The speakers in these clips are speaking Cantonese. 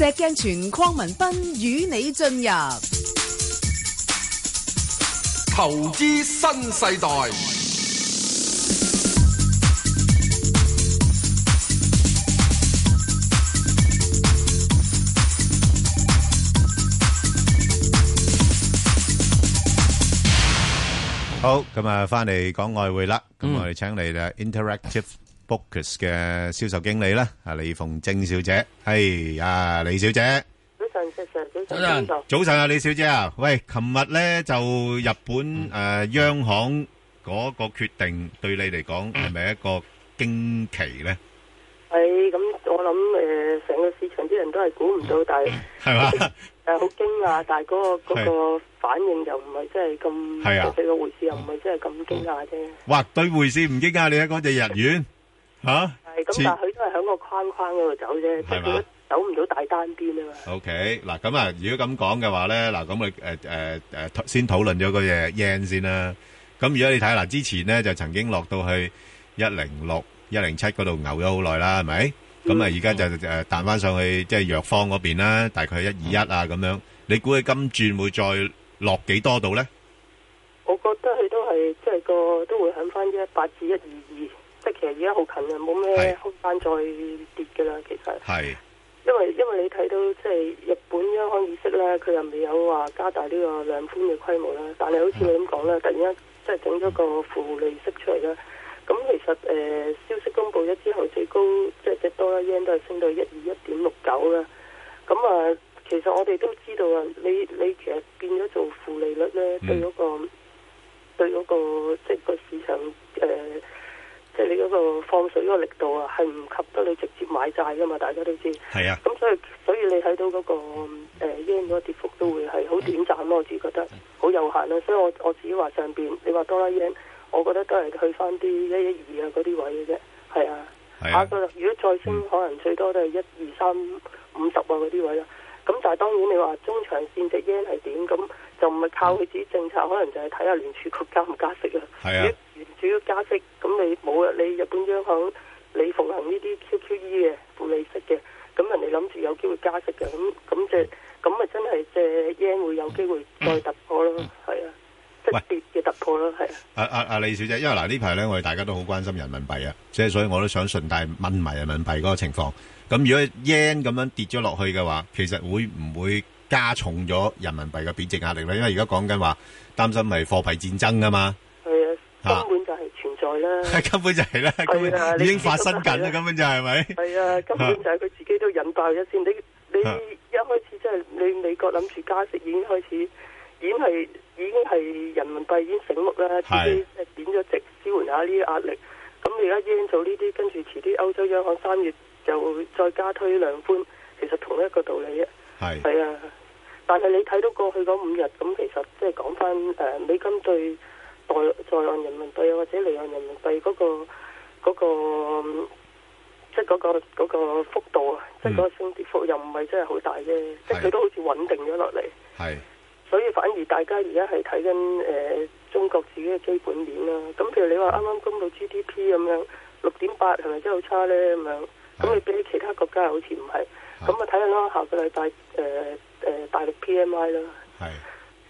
石鏡泉鄺文斌與你進入投資新世代。好，咁啊，翻嚟講外匯啦。咁我哋請嚟啦，Interactive。Inter Brokers 嘅銷售經理咧，阿李鳳貞小姐，係啊，李小姐，早晨，早晨，早晨，早晨，早晨啊，李小姐啊，喂，琴日咧就日本誒央行嗰個決定，對你嚟講係咪一個驚奇咧？係，咁我諗誒，成個市場啲人都係估唔到，但係係嘛，但係好驚訝，但係嗰個嗰個反應又唔係真係咁係啊，個回事又唔係真係咁驚訝啫。話對回事唔驚訝，你啊嗰隻日元。吓係，咁但係佢都係喺個框框嗰度走啫，即係走唔到大單邊啊嘛。O K，嗱咁啊，如果咁講嘅話咧，嗱咁啊，誒誒誒，先討論咗個嘢 yen 先啦。咁如果你睇下嗱，之前咧就曾經落到去一零六、一零七嗰度牛咗好耐啦，係咪？咁啊，而家就誒彈翻上去，即係弱方嗰邊啦，大概一二一啊咁樣。你估佢今轉會再落幾多度咧？我覺得佢都係即係個都會喺翻一一八至一二二。即係其實而家好近嘅，冇咩空間再跌嘅啦。其實，係是因為因為你睇到即係、就是、日本央行議息咧，佢又未有話加大呢個量寬嘅規模啦。但係好似你咁講咧，嗯、突然間即係整咗個負利息出嚟啦。咁其實誒、呃、消息公布咗之後，最高即係最多咧，yen 都係升到一二一點六九啦。咁、呃、啊，其實我哋都知道啊，你你其實變咗做負利率咧、嗯那個，對嗰、那個對嗰個即係個市場誒。呃即係你嗰個放水嗰個力度啊，係唔及得你直接買債噶嘛，大家都知。係啊。咁所以所以你睇到嗰、那個誒 yen 嗰個跌幅都會係好短暫咯，我自己覺得好有限咯。所以我我自己話上邊，你話多啦 yen，我覺得都係去翻啲一一二啊嗰啲位嘅啫。係啊。係啊。下個如果再升，嗯、可能最多都係一二三五十啊嗰啲位咯。咁但係當然你話中長線隻 yen 係點咁？就唔係靠佢自己政策，可能就係睇下聯儲局加唔加息啊！如果聯儲要加息，咁你冇啊？你日本央行你奉行呢啲 QQE 嘅負利息嘅，咁人哋諗住有機會加息嘅，咁咁就咁咪真係即係 yen 會有機會再突破咯，係 啊，即係跌嘅突破咯，係喂啊。阿阿阿李小姐，因為嗱呢排咧，我哋大家都好關心人民幣啊，即係所以我都想順帶問埋人民幣嗰個情況。咁如果 yen 咁樣跌咗落去嘅話，其實會唔會？加重咗人民幣嘅貶值壓力啦，因為而家講緊話擔心咪貨幣戰爭啊嘛。係啊，根本就係存在啦。係、啊、根本就係啦，已經發生緊啦，根本就係咪？係啊，啊啊根本就係佢自己都引爆咗、啊、先。你你一開始即係你美國諗住加息已經開始，已經係已經係人民幣已經醒目啦，自己係貶咗值支援下呢啲壓力。咁你而家已經做呢啲，跟住遲啲歐洲央行三月就再加推量寬，其實同一個道理啫。係。係啊。但係你睇到過去嗰五日咁，其實即係講翻誒美金對在在岸人民幣啊，或者離岸人民幣嗰、嗰個嗰、嗰個即係嗰個幅度啊，即係嗰升跌幅又唔係真係好大啫，嗯、即係佢都好似穩定咗落嚟。係是，所以反而大家而家係睇緊誒中國自己嘅基本面啦、啊。咁譬如你話啱啱公布 GDP 咁樣六點八係咪真係好差咧？咁樣咁你俾其他國家好似唔係咁啊？睇下是咯，下個禮拜誒。呃誒、呃，大陸 PMI 啦，係，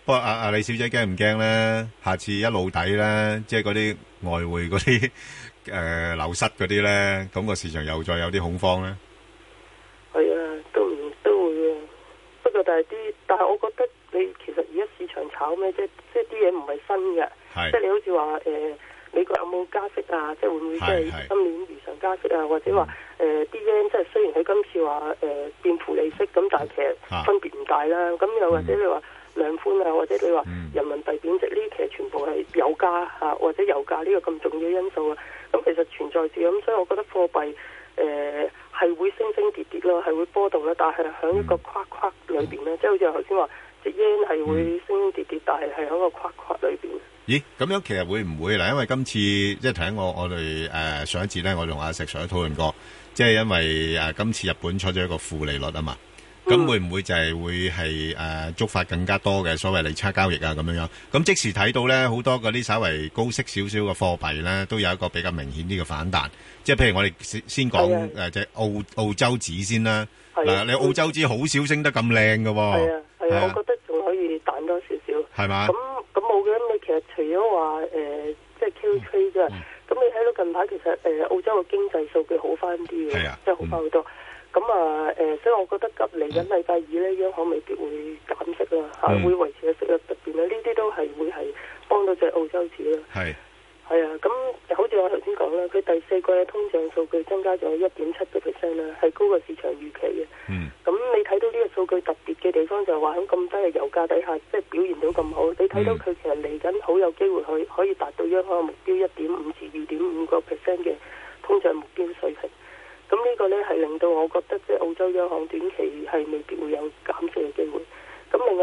不過阿阿、啊、李小姐驚唔驚咧？下次一路底咧，即係嗰啲外匯嗰啲誒流失嗰啲咧，咁、那個市場又再有啲恐慌咧？係啊，都唔都會啊。不過但係啲，但係我覺得你其實而家市場炒咩？即係是即係啲嘢唔係新嘅，即係你好似話誒，美國有冇加息啊？即係會唔會即係今年如常加息啊？或者話？誒啲 yen 即係雖然佢今次話誒變負利息，咁但係其實分別唔大啦。咁又或者你話量寬啊，或者你話人民幣貶值呢？其實全部係油價嚇，或者油價呢個咁重要因素啊。咁其實存在住咁，所以我覺得貨幣誒係會升升跌跌咯，係會波動啦。但係喺一個框框裏邊咧，即係好似頭先話，隻 yen 係會升升跌跌，但係係喺個框框裏邊。咦？咁樣其實會唔會嗱？因為今次即係睇我我哋誒上一次咧，我同阿石財討論過。即係因為誒、啊、今次日本出咗一個負利率啊嘛，咁、嗯、會唔會就係會係誒、啊、觸發更加多嘅所謂利差交易啊咁樣樣？咁即時睇到咧，好多嗰啲稍微高息少少嘅貨幣咧，都有一個比較明顯啲嘅反彈。即係譬如我哋先講誒即係澳澳洲紙先啦，嗱、啊、你澳洲紙好少升得咁靚嘅喎。啊，係啊，啊我覺得仲可以彈多少少。係嘛嗎？咁咁冇嘅，咁你其實除咗話誒，即係 QE 嘅。啊。近排其實誒、呃、澳洲嘅經濟數據好翻啲嘅，真係、啊、好翻好多。咁啊誒，所以我覺得嚟緊禮拜二呢，嗯、央行未必會減息啦，嚇、嗯啊、會維持嘅息率不變啦。呢啲都係會係幫到隻澳洲市啦。係係是啊，咁好似我頭先講啦，佢第四季嘅通脹數據增加咗一點七個 percent 啦，係高過市場預期嘅。咁、嗯、你睇到呢個數據特別嘅地方就係話喺咁低嘅油價底下，即、就、係、是、表現到咁好。你睇到佢其實嚟緊好有機會去可以達到央行嘅目標一點五。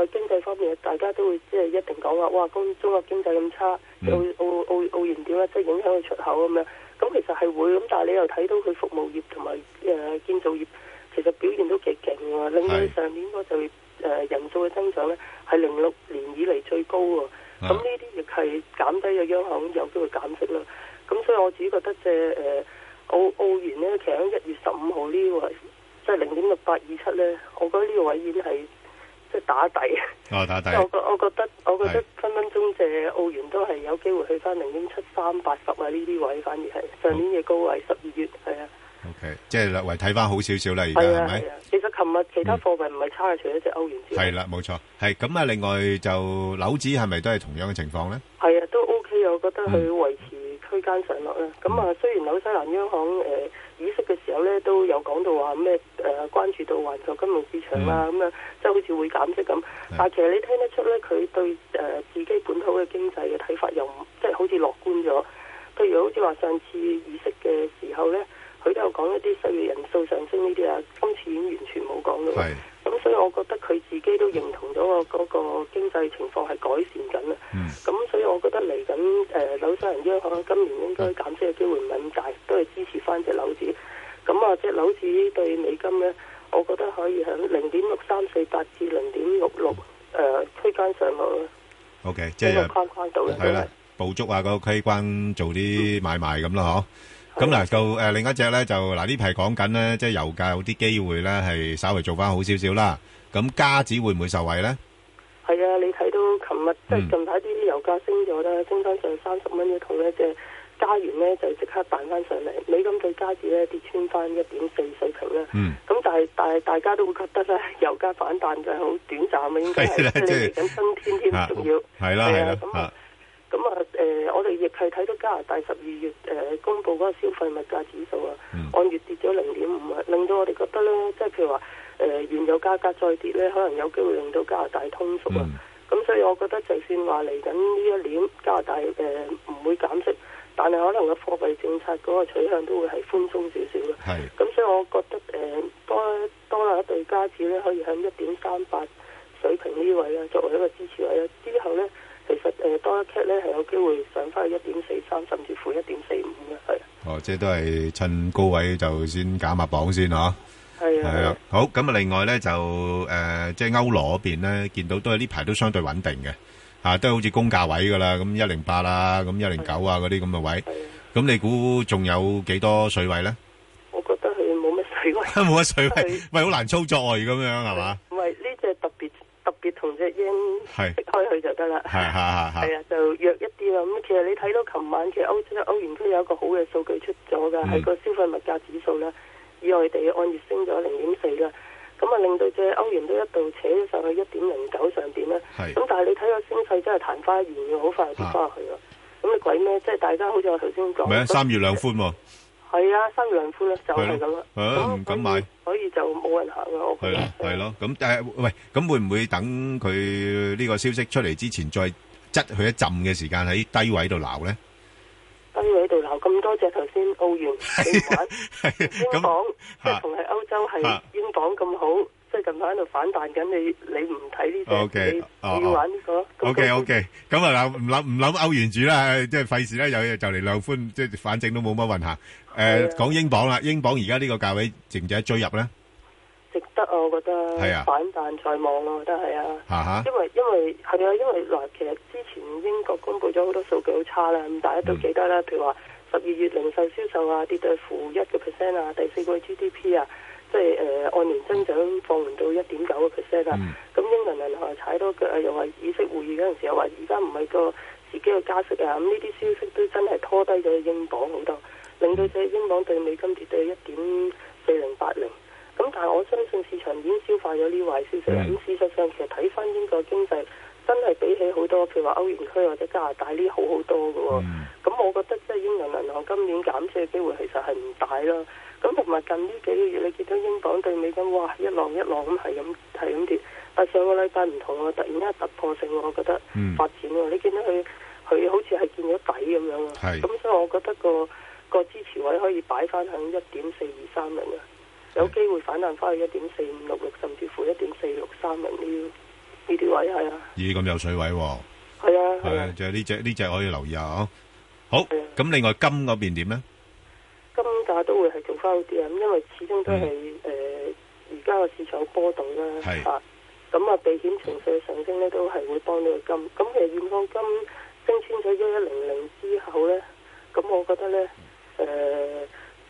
經濟方面，大家都會即係一定講話，哇！中中國經濟咁差，澳澳澳澳元點啊，即係影響佢出口咁樣。咁其實係會，咁但係你又睇到佢服務業同埋誒建造業，其實表現都幾勁喎。另外上年就業誒人數嘅增長咧，係零六年以嚟最高喎。咁呢啲亦係減低咗央行有機會減息啦。咁所以我自己覺得即係誒澳澳元咧，其實喺一月十五號呢個即係零點六八二七咧，我覺得呢個位已經係。即係打底，即係我覺，我覺得，我覺得分分鐘隻澳元都係有機會去翻、零點七三、八十啊呢啲位，反而係上年嘅高位，十二月係啊。O K，即係略為睇翻好少少啦，而家係咪？其實琴日其他貨幣唔係差嘅，除咗隻歐元之外，係啦，冇錯，係咁啊。另外就紐紙係咪都係同樣嘅情況咧？係啊，都 O K，我覺得佢維持。區間上落啦，咁啊、嗯、雖然紐西蘭央行誒、呃、議息嘅時候咧都有講到話咩誒關注到環球金融市場啦、啊，咁樣即係好似會減息咁，是但係其實你聽得出咧佢對誒、呃、自己本土嘅經濟嘅睇法又即係好似樂觀咗，譬如好似話上次議息嘅時候咧，佢都有講一啲失業人數上升呢啲啊，今次已經完全冇講到。咁、嗯、所以，我覺得佢自己都認同咗個嗰個經濟情況係改善緊啦。咁、嗯嗯、所以，我覺得嚟緊誒紐西蘭央行今年應該減息嘅機會唔係咁大，都係支持翻隻紐紙。咁、嗯、啊，隻紐紙對美金咧，我覺得可以喺零點六三四八至零點六六誒區間上落。O、okay, K，即係係啦，捕捉下個區間做啲買賣咁咯，嗬、嗯。咁嗱，就誒另一隻咧，就嗱呢排講緊咧，即係油價有啲機會咧，係稍為做翻好少少啦。咁加子會唔會受惠咧？係啊，你睇到琴日即係近排啲油價升咗啦，升翻上三十蚊一桶咧，即係加完咧就即刻彈翻上嚟。美金對加子咧跌穿翻一點四水平啦。嗯。咁但係但係大家都會覺得咧，油價反彈就係好短暫啊，應該係嚟緊春天先重要。係啦，係啦。咁啊，誒、呃，我哋亦係睇到加拿大十二月誒、呃、公佈嗰個消費物價指數啊，嗯、按月跌咗零點五啊，令到我哋覺得咧，即係譬如話誒、呃，原油價格再跌咧，可能有機會令到加拿大通縮啊。咁、嗯、所以，我覺得就算話嚟緊呢一年加拿大誒唔、呃、會減息，但係可能個貨幣政策嗰個取向都會係寬鬆少少嘅。咁是所以，我覺得誒、呃、多多啦一對傢伙咧，可以向一點三八水平呢位咧，作為一個支持位咧，之後咧。其實誒，多一 cap 咧，係有機會上翻去一點四三，甚至乎一點四五嘅，係。哦，即係都係趁高位就先減下磅先吓。係啊，係啊。好，咁啊，另外咧就誒，即係歐羅嗰邊咧，見到都係呢排都相對穩定嘅，吓都係好似公價位噶啦，咁一零八啦，咁一零九啊嗰啲咁嘅位。係啊。咁你估仲有幾多水位咧？我覺得係冇乜水位，冇乜水位，喂，好難操作咁樣係嘛？搵，開佢就得啦。係啊，就弱一啲咯。咁其實你睇到琴晚，其實歐洲歐元都有一個好嘅數據出咗㗎，係個消費物價指數啦。意外地按月升咗零點四啦，咁啊令到隻歐元都一度扯咗上去一點零九上邊啦。咁的但係你睇個升勢真係曇花一現的、就是，好快跌翻落去咯。咁你鬼咩？即係大家好似我頭先講。三月兩寬係啊，三月兩番咧，就係咁啦。唔敢買，所以就冇人行啦。我覺得係咯，係咯。咁誒，喂，咁會唔會等佢呢個消息，出嚟之前，再窒佢一浸嘅時間，喺低位度鬧咧？.喺度鬧咁多隻，頭先澳元你玩，英鎊即係同係歐洲係英鎊咁好，即係近排喺度反彈緊。你你唔睇呢個，你要玩呢個？O K O K，咁啊嗱，唔諗唔諗歐元住啦，即係費事啦。有嘢就嚟量寬，即係反正都冇乜運行。誒，講英鎊啦，英鎊而家呢個價位，值唔值得追入咧？得啊，我覺得反彈在望，我覺得係啊，啊哈因，因為因為係啊，因為嗱，其實之前英國公布咗好多數據好差啦，咁大家都記得啦，嗯、譬如話十二月零售銷售啊，跌到負一個 percent 啊，第四季 GDP 啊，即係誒按年增長放緩到一點九個 percent 啊。咁、嗯、英倫銀行踩多腳又話議息會議嗰陣時又話，而家唔係個自己嘅加息啊，咁呢啲消息都真係拖低咗英鎊好多，令到隻英鎊對美金跌到一點四零八零。但係我相信市場已經消化咗呢壞消息。咁、嗯、事實上其實睇翻英國經濟，真係比起好多譬如話歐元區或者加拿大呢好好多嘅喎。咁、嗯、我覺得即係英國銀行今年減息嘅機會其實係唔大啦。咁同埋近呢幾個月你見到英鎊對美金哇一浪一浪咁係咁係咁跌，但上個禮拜唔同，突然間突破性我覺得發展喎。嗯、你見到佢佢好似係見咗底咁樣啊。咁、嗯、所以我覺得、個是個支持位可以擺翻喺一點四二三零啊。有機會反彈翻去一點四五六六，甚至乎一點四六三零呢？呢啲位係啊，咦咁有水位喎？係啊，係啊,啊,啊，就係呢隻呢隻可以留意下啊！好，咁、啊、另外金嗰邊點呢？金價都會係做翻嗰啲啊，咁因為始終都係誒，而家個市場波動啦，係啊是，咁啊、呃、避險情緒上升咧，都係會幫到個金。咁其實現況金升穿咗一一零零之後咧，咁我覺得咧，誒、呃、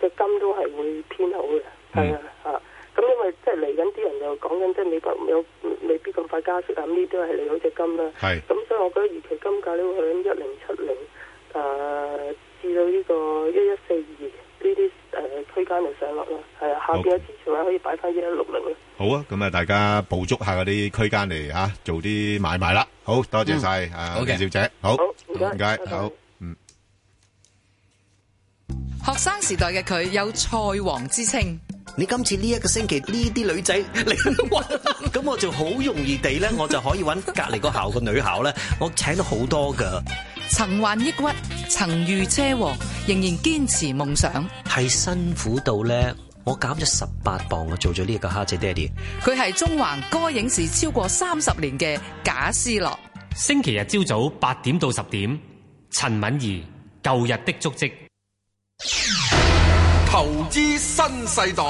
隻金都係會偏好嘅。係、嗯嗯、啊，嚇！咁因為即係嚟緊啲人就講緊，即係美國有未必咁快加息啊，呢啲都係利好隻金啦。係。咁、嗯、所以，我覺得預期金價呢會喺一零七零誒至到呢個一一四二呢啲誒區間嚟上落啦。係、嗯、啊，下邊有支持位可以擺翻一一六零啊。好啊，咁啊，大家捕捉下嗰啲區間嚟嚇做啲買賣啦。好多謝晒，啊，李、嗯啊、小姐，好。好。唔該好。嗯。學生時代嘅佢有菜王之稱。你今次呢一個星期呢啲女仔嚟，咁 我就好容易地咧，我就可以揾隔離個校個女校咧， 我請到好多噶。曾患抑鬱，曾遇車禍，仍然堅持夢想。係辛苦到咧，我減咗十八磅，我做咗呢一個蝦仔爹哋。佢係中環歌影視超過三十年嘅賈思樂。星期日朝早八點到十點，陳敏儀《舊日的足跡》。投資新世代，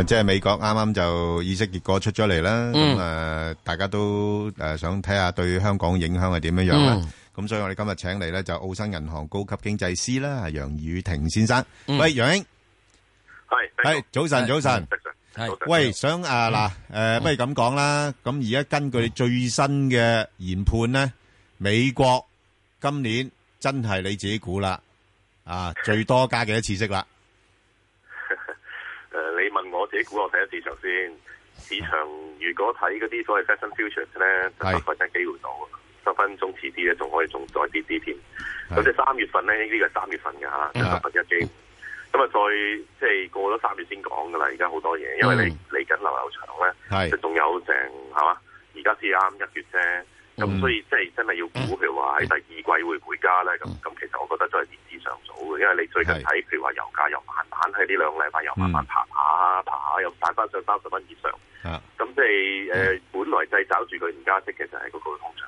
誒，即係美國啱啱就意識結果出咗嚟啦。咁誒，大家都誒想睇下對香港影響係點樣樣啦，咁所以我哋今日請嚟咧，就澳新銀行高級經濟師啦，楊宇霆先生，喂，楊英，係，係，早晨，早晨。 喂，想誒嗱，誒、啊，不如咁講啦。咁而家根據最新嘅研判咧，美國今年真係你自己估啦，啊，最多加幾多次息啦？誒、 啊，你問我自己估，我睇下市場先。市場如果睇嗰啲所謂 Fed Fund Futures 咧，十分有機會到。十是分鐘遲啲咧，仲可以仲再跌啲添。咁是你三月份咧，呢、這個三月份嘅吓，一驚。咁啊，再即係過咗三月先講㗎喇，而家好多嘢，因為你嚟緊留留長咧，就仲有成嚇嘛，而家至啱一月啫，咁所以即係真係要估譬如話喺第二季會唔會加咧？咁咁其實我覺得都係面子上數嘅，因為你最近睇譬如話油價又慢慢喺呢兩個禮拜又慢慢爬下爬下，又大翻上三十蚊以上，咁即係誒本來製找住佢唔加息，其實係嗰個通脹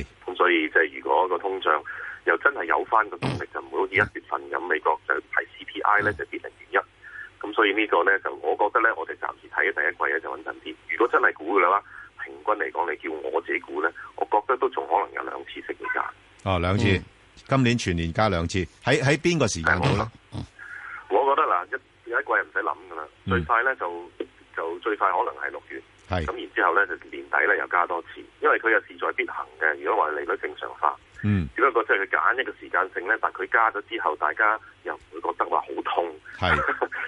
嘅。咁所以即係如果個通脹，又真係有翻個動力，就唔會好似一月份咁，美國就提 CPI 咧就跌零點一，咁、嗯、所以個呢個咧就我覺得咧，我哋暫時睇嘅第一季咧就穩陣啲。如果真係估嘅話，平均嚟講，你叫我自己估咧，我覺得都仲可能有兩次升價。哦，兩次，嗯、今年全年加兩次，喺喺邊個時間到咧？嗯、我覺得嗱，一有一季唔使諗噶啦，嗯、最快咧就就最快可能係六月。咁，然之後咧就年底咧又加多次，因為佢又勢在必行嘅。如果話利率正常化，嗯，只不過即係佢揀一個時間性咧，但係佢加咗之後，大家又唔會覺得話好痛，係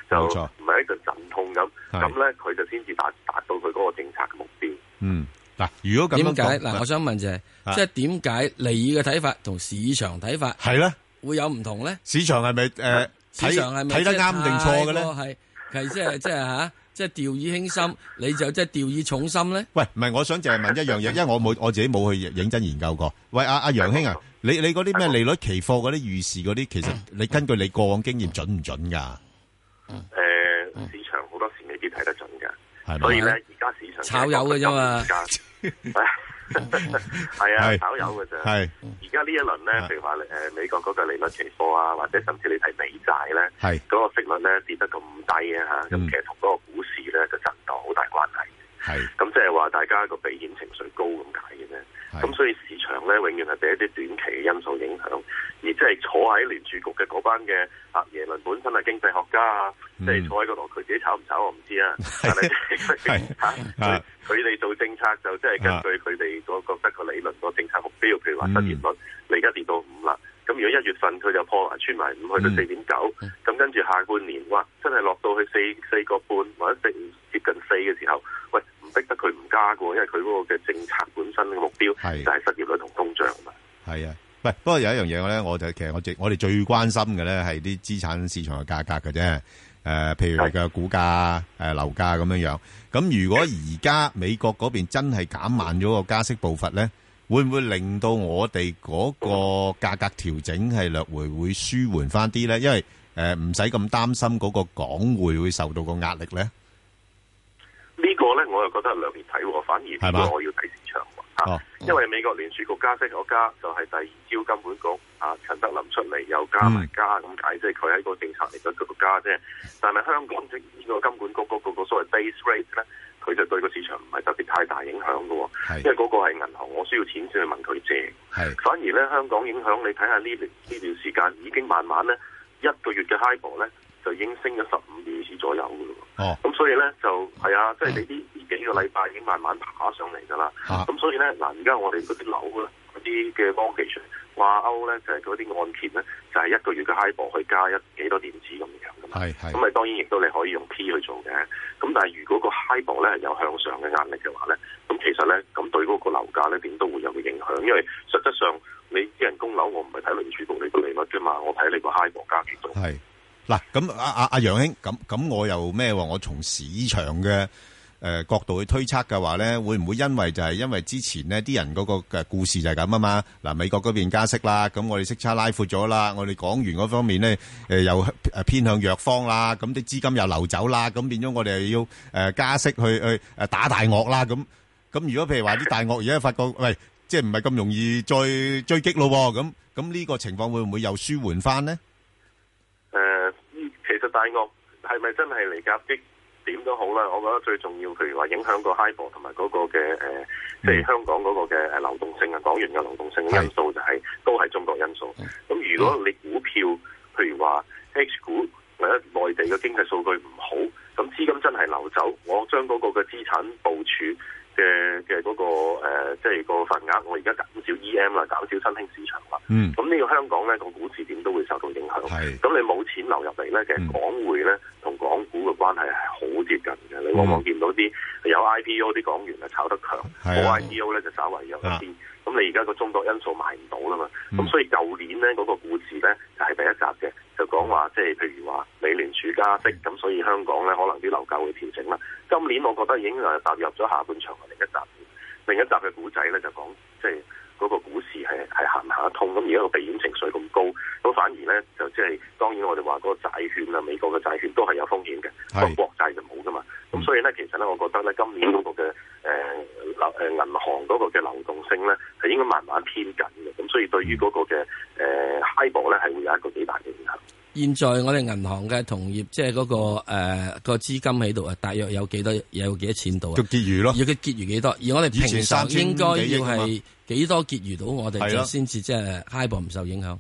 冇唔係一個陣痛咁。咁咧佢就先至達達到佢嗰個政策嘅目標。嗯，嗱，如果咁點解嗱？我想問就係，即係點解你嘅睇法同市場睇法係咧會有唔同咧？市場係咪誒？市場係咪睇得啱定錯嘅咧？係，係即係即係嚇。即係掉以輕心，你就即係掉以重心咧？喂，唔係，我想淨係問一樣嘢，因為我冇，我自己冇去認真研究過。喂，阿阿楊兄啊，你你嗰啲咩利率期貨嗰啲預示嗰啲，其實你根據你過往經驗準唔準噶？誒，市場好多時未必睇得準噶，係咪？所以咧，而家市場炒友嘅啫嘛。係 啊，少是有嘅就係，而家是呢一輪咧，是譬如話誒美國嗰個利率期貨啊，或者甚至你睇美債咧，係嗰是個息率咧跌得咁低啊吓，咁是其實同嗰個股市咧就震盪好大關係，係是，咁即係話大家個避險情緒高咁解嘅啫。咁是所以市場咧，永遠係俾一啲短期嘅因素影響，而即係坐喺聯儲局嘅嗰班嘅啊，耶倫本身係經濟學家啊，即係、嗯、坐喺度，佢自己炒唔炒我唔知啊。但係佢哋做政策就即係根據佢哋所覺得個理論個政策目標，譬、啊、如話失業率、嗯、你而家跌到五啦。咁如果一月份佢就破穿埋五去到四點九，咁、嗯、跟住下半年哇，真係落到去四四個半或者接近四嘅時候，喂！逼得佢唔加嘅，因為佢嗰個嘅政策本身嘅目標就係失業率同通脹啊嘛。係啊，唔係不過有一樣嘢咧，我就其實我最我哋最關心嘅咧係啲資產市場嘅價格嘅啫。誒，譬如你嘅股價、誒樓價咁樣樣。咁如果而家美國嗰邊真係減慢咗個加息步伐咧，會唔會令到我哋嗰個價格調整係略回會舒緩翻啲咧？因為誒唔使咁擔心嗰個港匯會受到個壓力咧。我又覺得兩面睇喎，反而不過我要睇市場喎，因為美國聯儲局加息我加，就係、是、第二招金管局啊，陳德霖出嚟又加埋加咁、嗯、解，即係佢喺個政策嚟嘅個加啫。但係香港即呢個金管局嗰個個所謂 base rate 咧，佢就對個市場唔係特別太大影響嘅喎、哦，是因為嗰個係銀行，我需要錢先去問佢借。是反而咧香港影響，你睇下呢段呢段時間已經慢慢咧一個月嘅 HIBOR 咧。就已經升咗十五點子左右嘅喎，哦，咁所以咧就係啊，即、就、係、是、你啲幾個禮拜已經慢慢爬上嚟噶啦，咁、啊、所以咧嗱，而家我哋嗰啲樓，嗰啲嘅 mortgage 掛鈎咧就係嗰啲按揭咧，就係、是就是、一個月嘅 high 博去加一幾多點子咁樣嘅，咁啊當然亦都你可以用 P 去做嘅，咁但係如果個 high 博咧有向上嘅壓力嘅話咧，咁其實咧咁對嗰個樓價咧點都會有個影響，因為實質上你啲人供樓，我唔係睇聯儲局報你個利率嘅嘛，我睇你個 high 博加幾多，係。嗱，咁阿阿阿楊兄，咁咁我又咩？我從市場嘅誒角度去推測嘅話咧，會唔會因為就係因為之前呢啲人嗰個嘅故事就係咁啊嘛？嗱，美國嗰邊加息啦，咁我哋息差拉闊咗啦，我哋港元嗰方面咧誒又誒偏向弱方啦，咁啲資金又流走啦，咁變咗我哋又要誒加息去去誒打大鱷啦，咁咁如果譬如話啲大鱷而家發覺，喂，即係唔係咁容易再追擊咯，咁咁呢個情況會唔會又舒緩翻咧？誒，uh, 其實大鱷係咪真係嚟夾擊點都好啦？我覺得最重要，譬如話影響個 HIBOR 同埋嗰個嘅誒，即、呃、係、mm. 香港嗰個嘅誒流動性啊，港元嘅流動性嘅因素就係、是、是都係中國因素。咁是如果你股票譬如話 H 股或者內地嘅經濟數據唔好，咁資金真係流走，我將嗰個嘅資產部署。嘅嘅嗰個、呃、即係個份額，我而家減少 EM 啊，減少新興市場啊。嗯。咁呢個香港咧個股市點都會受到影響。係是。咁你冇錢流入嚟咧，其實港匯咧同港股嘅關係係好接近嘅。你往往見到啲有 IPO 啲港元啊炒得強，冇 IPO 咧就稍為弱一啲。咁你而家個中國因素買唔到啦嘛，咁、嗯、所以舊年咧嗰、那個故事咧就係、是、第一集嘅，就講話即係譬如話美聯儲加息，咁的所以香港咧可能啲樓價會調整啦。今年我覺得已經誒踏入咗下半場嘅另一集，另一集嘅故仔咧就講即係嗰個股市係係行唔行得通？咁而家個避險情緒咁高，咁反而咧就即、就、係、是、當然我哋話嗰個債券啊，美國嘅債券都係有風險嘅，個的國債就冇噶嘛。所以咧，其實咧，我覺得咧，今年嗰個嘅誒流誒銀行嗰個嘅流動性咧，係應該慢慢偏緊嘅。咁所以對於嗰個嘅誒、呃、HIBOR 咧，係會有一個幾大嘅影響。現在我哋銀行嘅同業即係嗰個誒個、呃、資金喺度啊，大約有幾多有幾多錢度啊？結餘咯，要佢結餘幾多？而我哋平常前應該要係幾多結餘到我哋先至即係 HIBOR 唔受影響。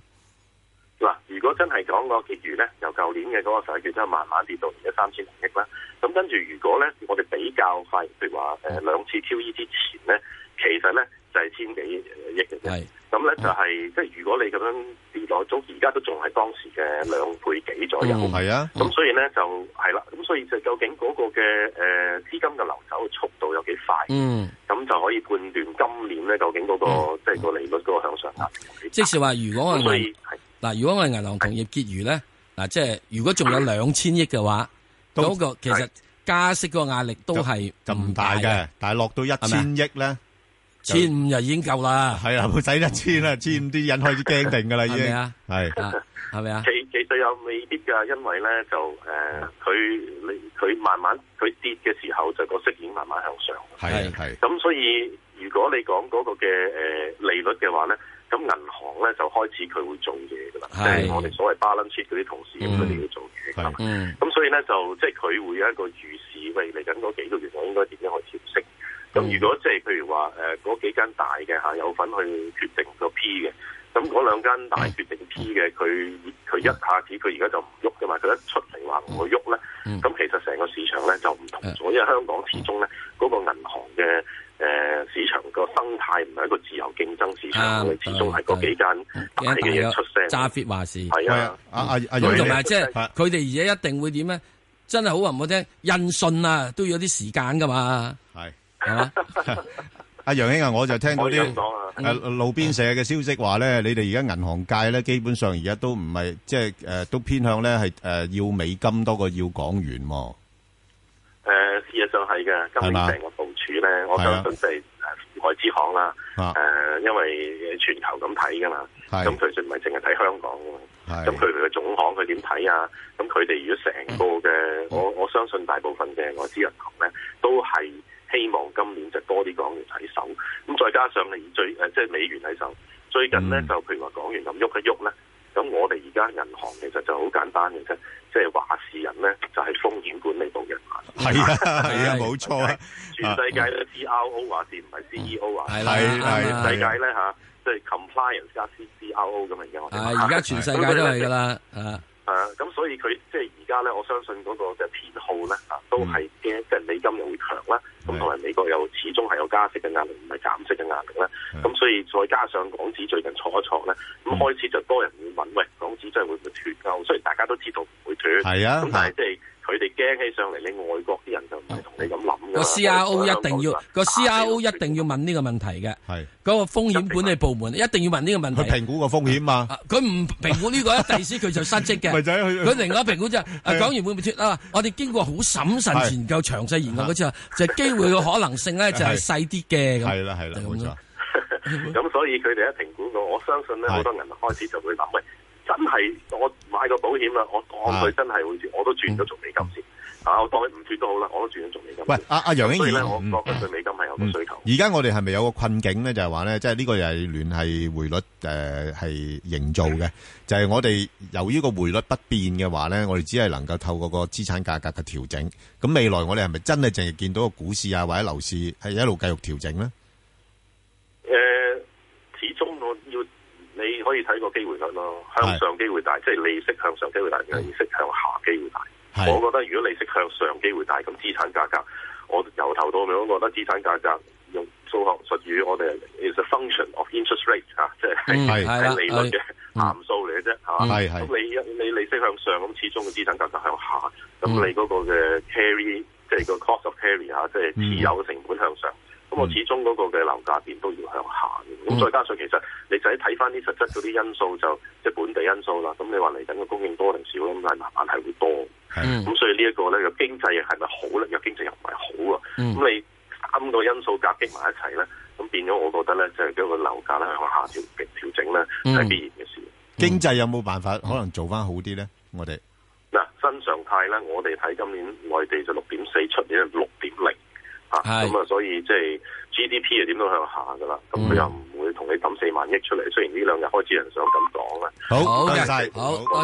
真係講個結餘咧，由舊年嘅嗰個十月都係慢慢跌到而家三千五百億啦。咁跟住，如果咧我哋比較快，譬如話誒、呃、兩次 QE 之前咧，其實咧就係、是、千幾億嘅啫。咁咧是、嗯、就係、是、即係如果你咁樣跌落咗，而家都仲係當時嘅兩倍幾左右。嗯，啊。咁、嗯嗯、所以咧就係啦。咁、嗯所、嗯、所以就究竟嗰個嘅誒資金嘅流走速度有幾快？嗯，咁就可以判斷今年咧究竟嗰、那個即係、就是、個利率嗰個向上壓、嗯嗯、即是話，如果係。嗱，如果我哋銀行同業結餘咧，嗱，即係如果仲有兩千億嘅話，嗰都個其實加息嗰個壓力都係咁大嘅，但係落到一千億咧，千五就已經夠啦。係啊，冇使一千啦，嗯、千五啲人開始驚定噶啦，已經係係咪啊？其其實又未必㗎，因為咧就誒佢佢慢慢佢跌嘅時候，就個息已經慢慢向上。係係。咁的的所以如果你講嗰、那個嘅誒利率嘅話咧。咁銀行咧就開始佢會做嘢噶啦，是即係我哋所謂 balance sheet 嗰啲同事，佢哋、嗯、要做嘢咁。咁是、嗯、所以咧就即係佢會有一個預示，喂，嚟緊嗰幾個月我應該點樣去調息。咁、嗯、如果即係譬如話誒嗰幾間大嘅嚇有份去決定個 P 嘅，咁嗰兩間大決定 P 嘅，佢佢、嗯、一下子佢而家就唔喐噶嘛，佢一出嚟話唔會喐咧。咁、嗯嗯、其實成個市場咧就唔同咗，因為香港始終咧嗰、那個銀行嘅。市場個生態唔係一個自由競爭市場，嚟始終係嗰幾間大嘅嘢出聲。揸 fit 話事係啊，阿阿阿楊同埋即係佢哋而家一定會點咧？真係好話唔好聽，印信啊都要有啲時間噶嘛。係係嘛？阿楊兄啊，我就聽嗰啲路邊社嘅消息話咧，你哋而家銀行界咧，基本上而家都唔係即係誒，都偏向咧係誒要美金多過要港元。誒，事實上係嘅，今年成個部署咧，我相信係。外資行啦，誒、啊，啊、因為全球咁睇噶嘛，咁佢就唔係淨係睇香港噶嘛。咁佢哋嘅總行佢點睇啊？咁佢哋如果成個嘅，嗯、我我相信大部分嘅外資銀行咧，都係希望今年就多啲港元睇手，咁再加上咧最誒、呃，即係美元喺手，最近咧、嗯、就譬如話港元咁喐一喐咧。咁我哋而家銀行其實就好簡單，其實，即係話事人咧就係風險管理部人。係啊，係啊，冇錯。全世界咧，CRO 話事唔係 CEO 話。係啦，係啦。世界咧嚇，即係 compliance 加 C CRO 咁啊，而家我哋。而家全世界都係㗎啦，啊。係啊，咁所以佢即係而家咧，我相信嗰個嘅偏好咧，啊都係驚，即係美金又會強啦，咁同埋美國又始終係有加息嘅壓力，唔係減息嘅壓力啦。咁的所以再加上港紙最近挫一挫咧，咁開始就多人會問，喂，港紙真係會唔會脱鈎？雖然大家都知道唔會脱，係啊，咁但係即係佢哋驚起上嚟，你外國。個 CRO 一定要個 CRO 一定要問呢個問題嘅，嗰個風險管理部門一定要問呢個問題。佢評估個風險嘛？佢唔評估呢個，第時佢就失職嘅。佢，佢另外評估就係講完會唔會出啊？我哋經過好審慎研究、詳細研究之後啊，就機會嘅可能性咧就係細啲嘅。係啦係啦，冇錯。咁所以佢哋一評估我，我相信咧，好多人都開始就會諗：喂，真係我買個保險啦，我我佢真係好似我都轉咗，仲未夠錢。啊！我當佢唔轉都好啦，我都轉咗，做美金。喂，阿阿楊宇霆，所以我覺得對美金係有個需求。而家、嗯嗯、我哋係咪有個困境咧？就係話咧，即係呢個又係聯繫匯率誒，係營造嘅。就係、是呃、的我哋由於個匯率不變嘅話咧，我哋只係能夠透過個資產價格嘅調整。咁未來我哋係咪真係淨係見到個股市啊，或者樓市係一路繼續調整咧？誒、呃，始終我要你可以睇個機會率咯，向上機會,的會大，即係利息向上機會大，利息向下機會大。嗯我覺得如果利息向上機會大，咁資產價格，我由頭到尾都覺得資產價格用數學術語，我哋 It's a function of interest rate 嚇、啊，即係係利率嘅函數嚟嘅啫，係、啊、嘛？係咁 你你利息向上，咁始終嘅資產價格向下，咁你嗰個嘅 carry 即係個 cost of carry 嚇、啊，即、就、係、是、持有嘅成本向上。咁我始終嗰個嘅樓價點都要向下嘅，咁再加上其實你仔睇翻啲實質嗰啲因素，就即係本地因素啦。咁你話嚟緊個供應多定少？咁但係慢慢係會多。咁所以呢一個咧，個經濟係咪好咧？又經濟又唔係好啊。咁你三個因素夾擊埋一齊咧，咁變咗我覺得咧，就係一個樓價咧向下調嘅調整咧，係必然嘅事。經濟有冇辦法可能做翻好啲咧？我哋嗱新常態咧，我哋睇今年內地就六點四，出年六。咁啊， 是所以即係 GDP 係點都向下噶啦，咁佢、嗯、又唔會同你抌四萬億出嚟。雖然呢兩日開始人想咁講啊，好，多謝曬，好。